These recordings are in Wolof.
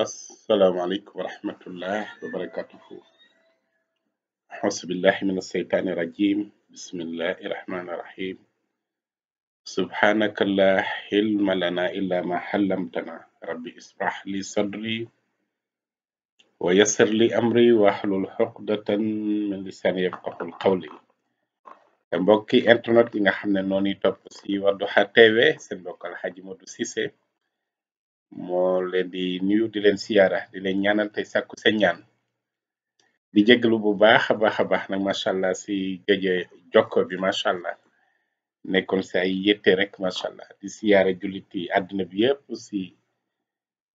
السلام عليكم ورحمة الله وبركاته أعوذ بالله من الشيطان الرجيم بسم الله الرحمن الرحيم سبحانك لا حلم لنا إلا ما حلمتنا ربي اشرح لي صدري ويسر لي أمري واحلل عقدة من لساني يفقه القول mbokki internet yi nga xam ne noonu topp si Wadduha TV seen mbokk Alxaaji Modou Cissé moo leen di nuyu di leen siyaara di leen ñaanal tey sàkku se ñaan di jégalu bu baax a baax a baax nag macha allah si géje jokko bi macha allah nekkoon si ay yette rek macha allah di siyaara jullit yi àddina bi yëpp si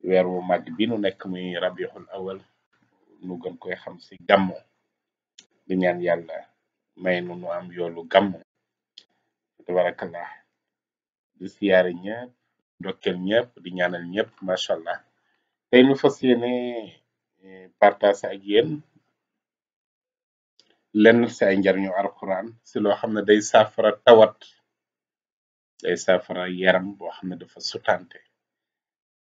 weer wu màgg bi nu nekk muy rabiul awal nu gën koy xam si gàmmu di ñaan yàlla may nu nu am yoolu gàmmu tabarakallah di siyaara ñëpp ndokkeel ñëpp di ñaanal ñëpp macha allah tey ñu fas yéene eh, partage ak yéen lenn si ay njariñu alquran si loo xam ne day saafara tawat day saafara yaram boo xam ne dafa sutante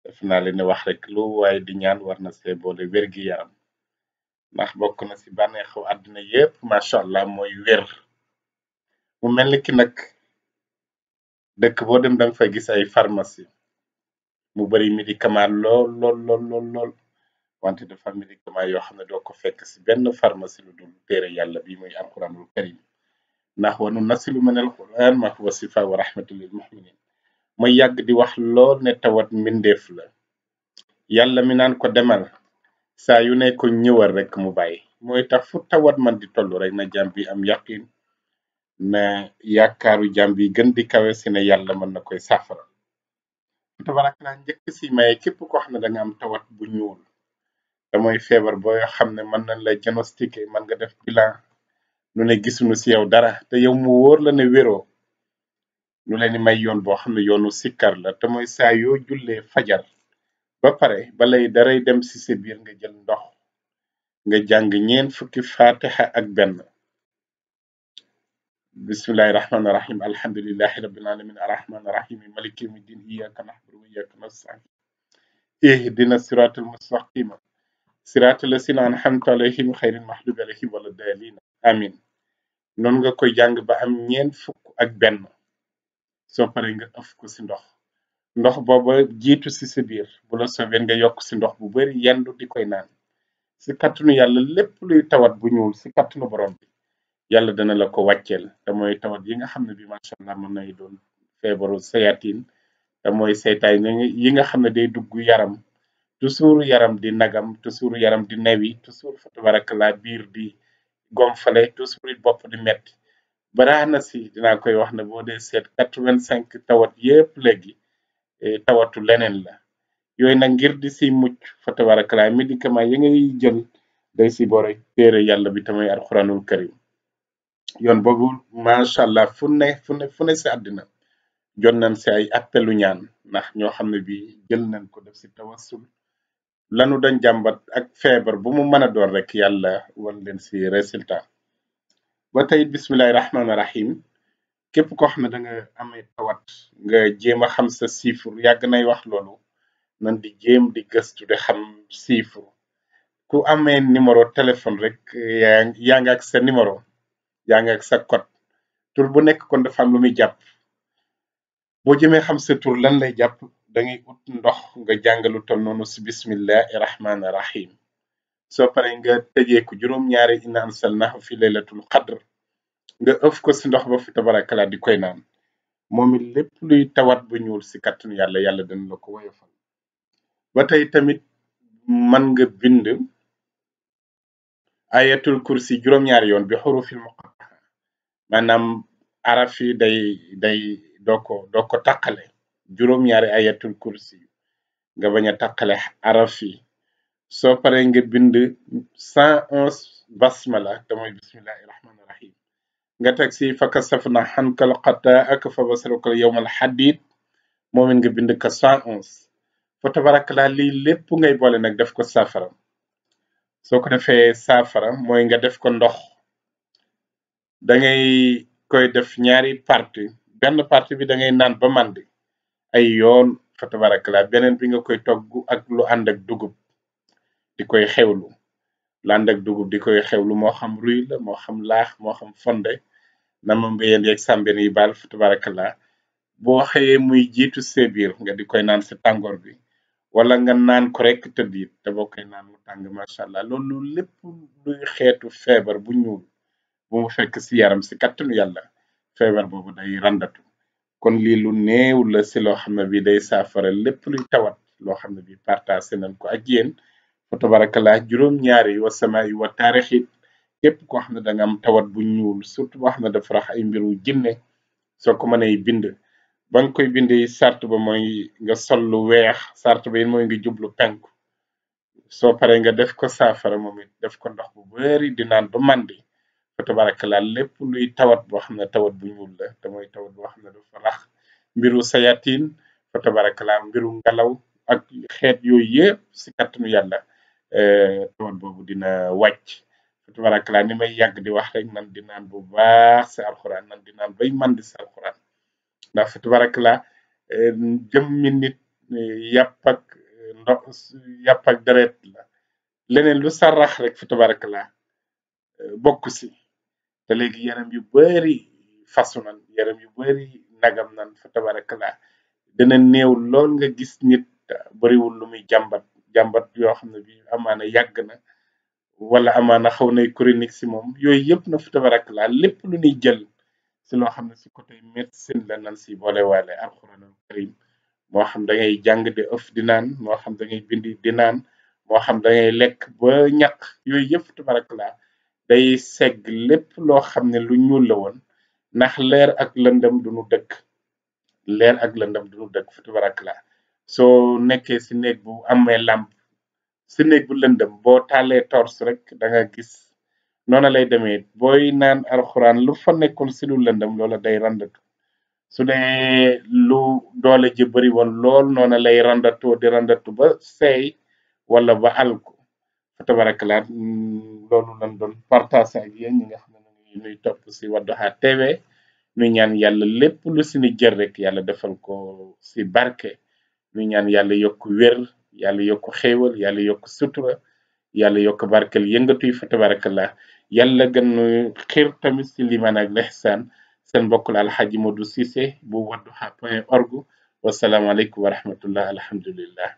def naa leen wax rek lu waaye di ñaan war na see boole yaram ndax bokk na si bànneexu àddina yépp macha allah mooy wér mu mel ni ki nag. dëkk boo dem da nga fay gis ay pharmacie mu bëri médicament lool lool lool lool lool wante dafa am médicament yoo xam ne doo ko fekk si benn pharmacie lu dul téere yàlla bi muy alquranul karim ndax wanu nasilu minal quran ma huwa sifa wa rahmatul lil muminin mooy yàgg di wax lool ne tawat mbindeef la yàlla mi naan ko demal saa yu ne ko ñëwal rek mu bàyyi mooy tax fu tawat man di toll rek na jàmm bi am yaqin na yaakaaru jàmm bi gën di kawe si ne yàlla mën na koy saafara tabarak naa njëkk si maye képp koo xam ne da nga am tawat bu ñuul da mooy feebar boo xam ne mën nañ la diagnostiqué mën nga def bilan nu ne gisuñu si yow dara te yow mu wóor la ne wéroo ñu leen di may yoon boo xam ne yoonu sikkar la te mooy saa yoo jullee fajar ba pare balay daray dem si sa nga jël ndox nga jàng ñeen fukki faatixa ak benn بسم الله الرحمن الرحيم الحمد لله رب العالمين الرحمن الرحيم مالك يوم الدين إياك نعبد وإياك نستعين اهدنا الصراط المستقيم صراط الذين أنعمت عليهم غير المغضوب عليهم ولا الضالين آمين noonu nga koy jàng ba am ñeent fukk ak benn soo paree nga ëf ko si ndox ndox booba jiitu si sa biir bu la soobee nga yokk si ndox bu bari yendu di koy naan si kattanu yàlla lépp luy tawat bu ñuul si kattanu borom bi yàlla dana la ko wàcceel te mooy tawat yi nga xam ne bi macha allah mën nay doon feebaru sayatin te mooy seytaay yi nga xam ne day dugg yaram toujours yaram di nagam toujours yaram di newi toujours fa tabarakallah biir di gom gonfale toujours it bopp di metti baraana si dinaa koy wax ne boo dee seet quatre-vingt-cinq tawat yépp léegi eh, tawatu leneen la yooyu nag ngir di si mucc fa tabarakallah médicament yi ngay jël day si bore téere yàlla bi tamay alxuraanul karim yoon boobu macha allah fu ne fu ne fu ne si àddina jot nañ si ay appelu ñaan ndax ñoo xam ne bii jël nañ ko def si tawassul lanu dañ jàmbat ak feebar bu mu mën a doon rek yàlla wan leen si résultat ba tey bismillahi rahmaani rahim képp koo xam ne da nga amee tawat nga jéem a xam sa siifur yàgg nay wax loolu nan di jéem di gëstu di xam siifur ku amee numéro téléphone rek yaa yaa ngi sa numéro. yaa ngi sa code tur bu nekk kon dafa am lu muy jàpp boo jëmee xam sa tur lan lay jàpp da ut ndox nga jàngalu tol noonu si bismillahi rahmaani rahim soo pare nga tëjee ko juróom-ñaari inna ansalnahu fi laylatul qadr nga ëf ko si ndox ba fi tabarakala di koy naan moom it lépp luy tawat bu ñuul si kàttanu yàlla yàlla dana la ko woyofal ba tey tamit man nga bind ayatul kursi juróom-ñaari yoon bi xurufil muqatta maanaam araf yi day day doo ko doo ko taqale juróom-ñaari ayatul kursi nga bañ a taqale araf yi soo paree nga bind cent onze basmala te mooy bismillahi rahmaani nga teg si fa kasafna xankal xata ak fa basarukal yowmal xadid nga bind ka cent onze fa tabarakalaa lii lépp ngay boole nag def ko saafara soo ko defee saafara mooy nga def ko ndox da ngay koy def ñaari parti benn parti bi da ngay naan ba mandi ay yoon fa tabarakallah beneen bi nga koy togg ak lu ànd ak dugub di koy xewlu lu ànd ak dugub di koy xewlu moo xam ruy la moo xam laax moo xam fonde na ma mbéyeen yeeg sàmbeen yi baal fa tabarakallah boo xëyee muy jiitu see nga di koy naan sa tàngoor bi wala nga naan ko rek tëdd it te boo koy naan mu tàng macha allah loolu lépp luy xeetu feebar bu ñuul bo mu fekk si yaram si kattanu yàlla feebar boobu day randatu kon lii lu néew la si loo xam ne bi day saafara lépp luy tawat loo xam ne bi partagé nañ ko ak yéen fa tabarakallah juróom-ñaari wa samaa'i wa taarix it képp koo xam ne da nga am tawat bu ñuul surtout boo xam ne dafa rax ay mbir wu jinne soo ko mënee bind ba nga koy bind sart ba mooy nga sol lu weex sart ba it mooy nga jublu penku soo paree nga def ko saafara moom it def ko ndox bu bari di ba màndi tabarakallah lépp luy tawat boo xam ne tawat bu ñuul la te mooy tawat boo xam ne dafa rax mbiru sayatin fa tabarakallah mbiru ngelaw ak xeet yooyu yëpp si kàttanu yàlla eh, tawat boobu dina wàcc fa tabarakallah ni may yàgg di wax rek nan di naan bu baax si alxuraan nan di naan bay mandi si alxuraan ndax fa tabarakallah eh, jëmmi eh, ndox yàpp ak deret la leneen lu sarax rek fa tabarakallah bokk si te léegi yaram yu bari fasu nan yaram yu bari nagam nan fa tabarakallah dana néew lool nga gis nit bariwul lu muy jàmbat jàmbat yoo xam ne bi amaana yàgg na wala amaana xaw nay chronique si moom yooyu yëpp na fa tabarakallah lépp lu ñuy jël si loo xam ne si côté médecine la nan si boole waale alxuraanul karim moo xam dangay ngay jàng di di naan moo xam da bindi di naan moo xam da ngay lekk ba ñàkk yooyu yëpp tabarakallah day segg lépp loo xam ne lu ñuul la woon ndax leer ak lëndëm du nu dëkk leer ak lëndëm du nu dëkk fa tabarakla soo nekkee si néeg bu amee làmp si néeg bu lëndëm boo taalee torche rek danga gis noona lay demee booy naan alxuraan lu fa nekkoon si lu lëndëm loola day randatu su dee lu doole ji woon lool noona lay randatoo di randatu ba seey wala ba alku fa tabarakla loolu lañ doon partager ak yéen ñi nga xam ne ñuy topp si Wadduha TV ñu ñaan yàlla lépp lu si ni jël rek yàlla defal ko si barke ñu ñaan yàlla yokk wér yàlla yokk xéewal yàlla yokk sutura yàlla yokk barkel yëngatuy fa tabarakallah yàlla gën xiir tamit si liman ak lihsaan seen mbokkul alxaaji Modou Cissé bu Wadduha point org wasalaamaaleykum wa rahmatullah alhamdulillah